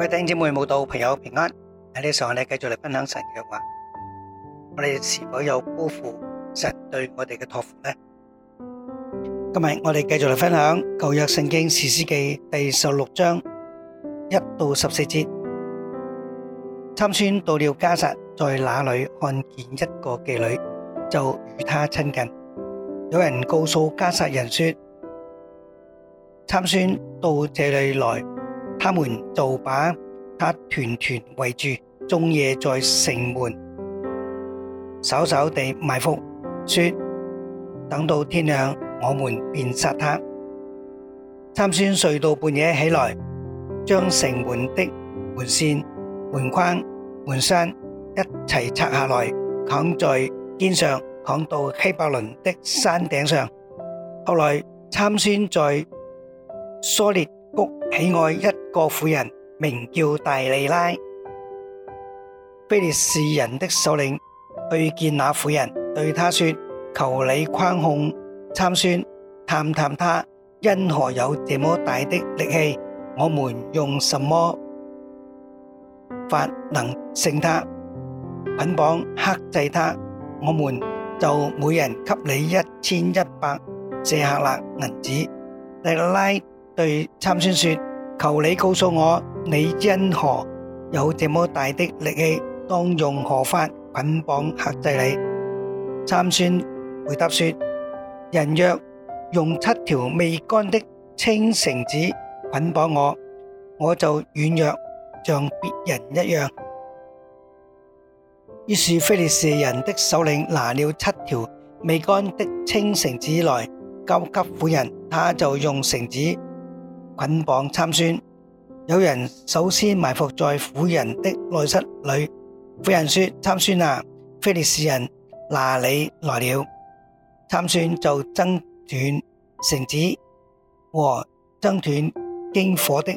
各位弟兄姊妹，午好！朋友平安。喺呢上，我哋繼續嚟分享神嘅話。我哋是否有辜負神對我哋嘅託付呢？今日我哋繼續嚟分享舊約聖經士師記第十六章一到十四節。參孫到了迦薩，在那裏看見一個妓女，就與她親近。有人告訴迦薩人說：參孫到這裏來。他們就把他團團圍住，終夜在城門稍稍地埋伏，說：等到天亮，我們便殺他。參孫睡到半夜起來，將城門的門扇、門框、門閂一齊拆下來，扛在肩上，扛到希伯崙的山頂上。後來參孫在梭烈谷喜愛一。個婦人名叫大利拉，非利士人的首領去見那婦人，對他說：求你寬控參孫，探探他因何有這麼大的力氣，我們用什麼法能勝他、捆綁、克制他？我們就每人給你一千一百舍客勒銀子。大利拉對參孫說。求你告訴我，你因何有這麼大的力氣？當用何法捆綁剋制你？參孫回答說：人若用七條未乾的青繩子捆綁我，我就軟弱，像別人一樣。於是非利士人的首領拿了七條未乾的青繩子來交給婦人，他就用繩子，捆綁參孫，有人首先埋伏在婦人的內室裏。婦人說：“參孫啊，菲利士人拿你來了？”參孫就掙斷繩子和掙斷經火的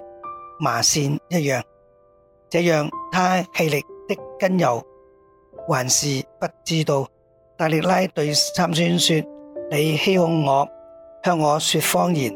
麻線一樣，這樣他氣力的根由還是不知道。大利拉對參孫說：“你欺鬨我，向我說謊言。”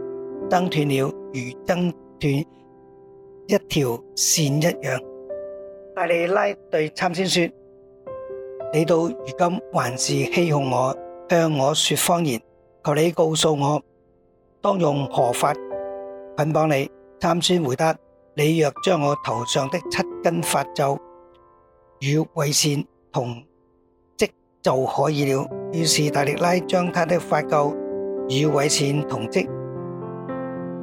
掙斷了，如掙斷一條線一樣。大利拉對參孫說：你到如今還是欺哄我，向我說謊言。求你告訴我，當用何法捆綁你？參孫回答：你若將我頭上的七根髮綹與緯線同織就可以了。於是大利拉將他的髮綹與緯線同織。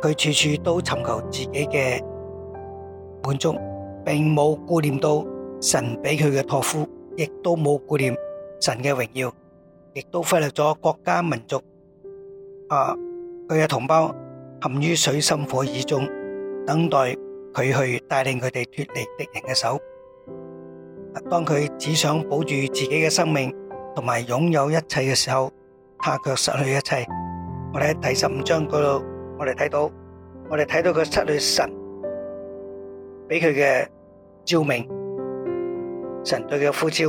佢處處都尋求自己嘅滿足，並冇顧念到神俾佢嘅託付，亦都冇顧念神嘅榮耀，亦都忽略咗國家民族啊，佢嘅同胞陷於水深火熱中，等待佢去帶領佢哋脫離敵人嘅手。當佢只想保住自己嘅生命同埋擁有一切嘅時候，他卻失去一切。我哋喺第十五章嗰度。我哋睇到，我哋睇到佢失去神俾佢嘅照明，神對佢嘅呼召，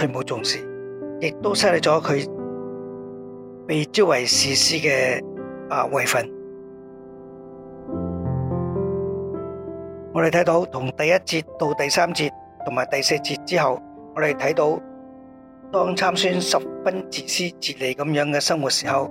佢冇重視，亦都失去咗佢被召為士師嘅啊位份。我哋睇到，從第一節到第三節同埋第四節之後，我哋睇到當參孫十分自私自利咁樣嘅生活時候。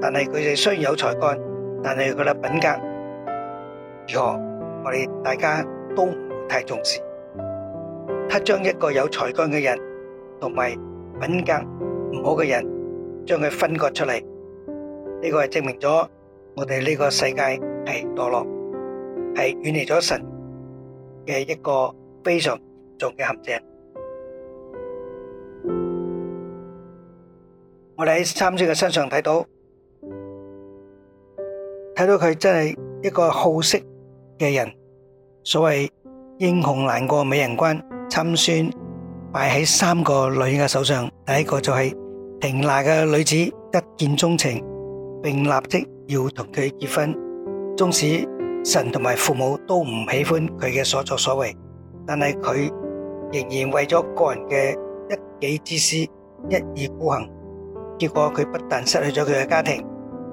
但係佢哋雖然有才幹，但係佢哋品格如何，我哋大家都唔太重視。他將一個有才幹嘅人同埋品格唔好嘅人，將佢分割出嚟，呢個係證明咗我哋呢個世界係墮落，係遠離咗神嘅一個非常嚴重嘅陷阱。我哋喺參孫嘅身上睇到。睇到佢真係一個好色嘅人，所謂英雄難過美人關，參孫敗喺三個女嘅手上。第一個就係亭拿嘅女子，一見鍾情，並立即要同佢結婚。縱使神同埋父母都唔喜歡佢嘅所作所為，但係佢仍然為咗個人嘅一己之私，一意孤行。結果佢不但失去咗佢嘅家庭。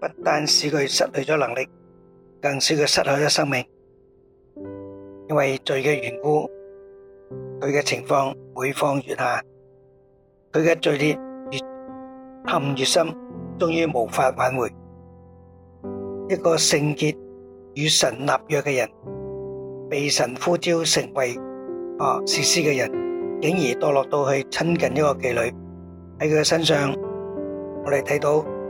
不單使佢失去咗能力，更使佢失去咗生命，因為罪嘅緣故，佢嘅情況每況愈下，佢嘅罪孽越陷越深，終於無法挽回。一個聖潔與神立約嘅人，被神呼召成為啊士師嘅人，竟然墮落到去親近一個妓女。喺佢嘅身上，我哋睇到。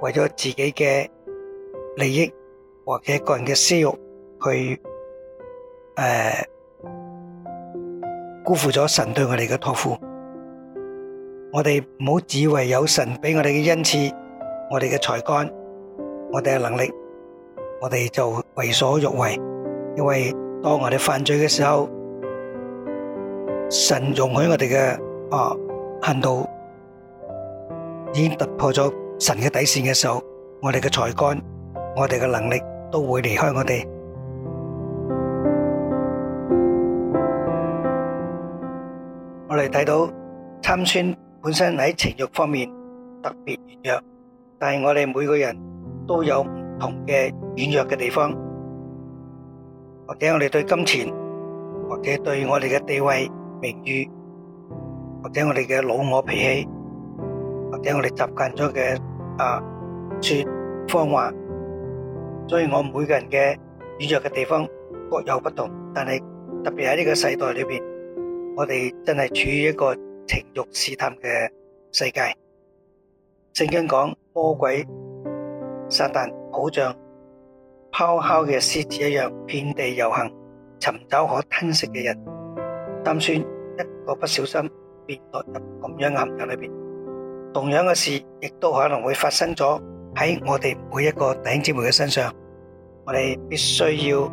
為咗自己嘅利益，或者個人嘅私慾，去誒辜負咗神對我哋嘅託付。我哋唔好只為有神俾我哋嘅恩賜，我哋嘅才幹，我哋嘅能力，我哋就為所欲為。因為當我哋犯罪嘅時候，神容許我哋嘅啊行道已經突破咗，神嘅底線嘅時候，我哋嘅才幹、我哋嘅能力都會離開我哋。我哋睇到參孫本身喺情欲方面特別軟弱，但係我哋每個人都有唔同嘅軟弱嘅地方，或者我哋對金錢，或者對我哋嘅地位、名譽，或者我哋嘅老我脾氣，或者我哋習慣咗嘅。啊，說謊話，所以我每個人嘅軟弱嘅地方各有不同，但係特別喺呢個世代裏邊，我哋真係處於一個情欲試探嘅世界。聖經講，魔鬼、撒旦好像咆哮嘅獅子一樣，遍地遊行，尋找可吞食嘅人，擔心一個不小心，便落入咁樣嘅陷阱裏邊。同樣嘅事亦都可能會發生咗喺我哋每一個弟兄姊妹嘅身上，我哋必須要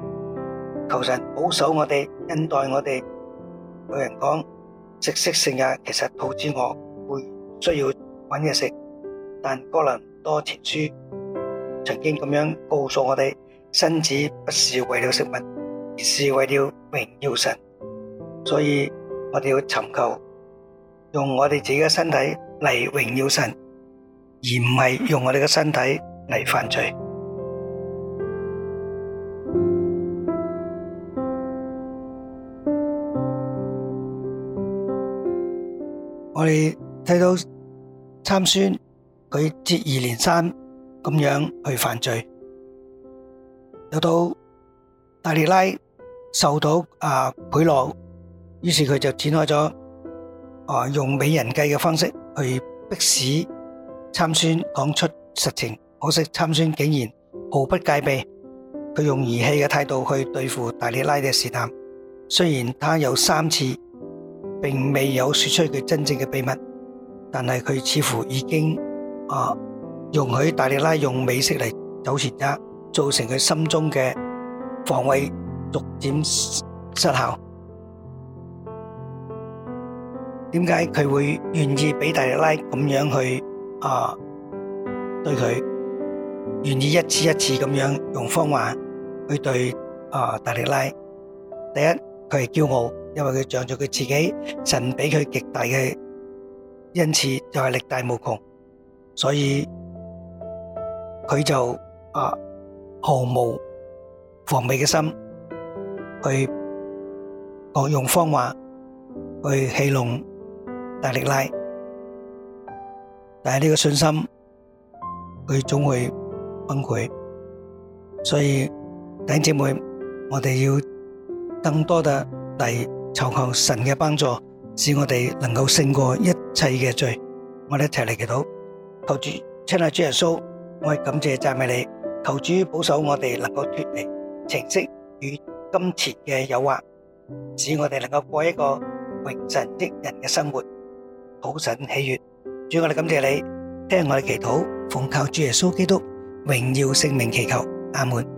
求神保守我哋，恩待我哋。有人講食色性也，其實肚子餓會需要揾嘢食，但哥林多前書曾經咁樣告訴我哋，身子不是為了食物，而是為了榮耀神，所以我哋要尋求用我哋自己嘅身體。嚟榮耀神，而唔係用我哋嘅身體嚟犯罪。我哋睇到參孫佢接二連三咁樣去犯罪，有到大利拉受到啊賄賂，於是佢就展開咗啊用美人計嘅方式。去迫使參孫講出實情，可惜參孫竟然毫不戒備，佢用兒戲嘅態度去對付大利拉嘅試探。雖然他有三次並未有說出佢真正嘅秘密，但係佢似乎已經啊容許大利拉用美色嚟走前呀，造成佢心中嘅防衛逐漸失效。點解佢會願意俾大力拉咁樣去啊？對佢願意一次一次咁樣用謊話去對啊？大力拉第一，佢係驕傲，因為佢仗著佢自己神俾佢極大嘅恩賜，就係力大無窮，所以佢就啊毫無防備嘅心去講用謊話去戲弄。大力拉，但係呢個信心佢總會崩潰，所以弟兄姊妹，我哋要更多地嚟，求求神嘅幫助，使我哋能夠勝過一切嘅罪。我哋一齊嚟祈禱，求主，親愛主耶穌，我哋感謝讚美你。求主保守我哋能夠脫離情色與金錢嘅誘惑，使我哋能夠過一個榮神益人嘅生活。好神喜悅，主，我哋感謝你，聽我哋祈禱，奉靠主耶穌基督榮耀聖名祈求，阿門。